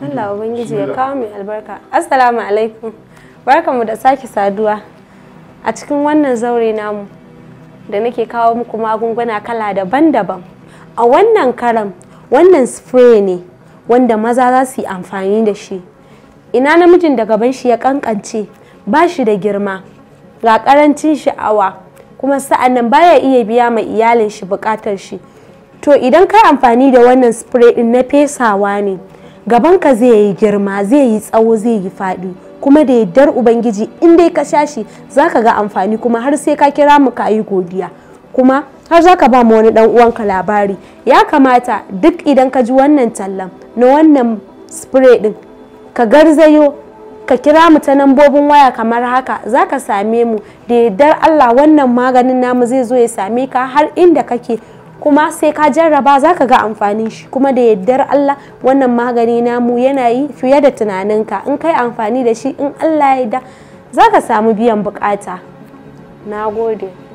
Allah mm-hmm. Ubangiji ya kawo mai albarka. Assalamu alaikum. Barkanmu da sake saduwa a cikin wannan zaure namu da nake kawo muku magunguna kala daban-daban. A wannan karam wannan spray ne wanda maza za su yi amfani da shi. Ina namijin da gaban shi ya kankance ba shi da girma ga karancin sha'awa kuma sa'annan baya iya biya ma iyalin shi bukatar shi. To idan kai amfani da wannan spray din na fesawa ne. gabanka zai yi girma zai yi tsawo zai yi faɗi kuma da yardar ubangiji in dai ka sha shi za ka ga amfani kuma har sai ka kira mu ka yi godiya kuma har za ka ba mu wani dan uwanka labari ya kamata duk idan ka ji wannan tallan na wannan spray din ka garzayo ka kira mu ta nambobin waya kamar haka za ka same mu da yardar allah wannan maganin namu zai zo ya same ka har inda kake kuma sai ka jarraba za ka ga amfani shi kuma da yardar Allah wannan magani namu yana yi fiye da tunaninka in kai amfani da shi in Allah ya yi da za ka samu biyan bukata na gode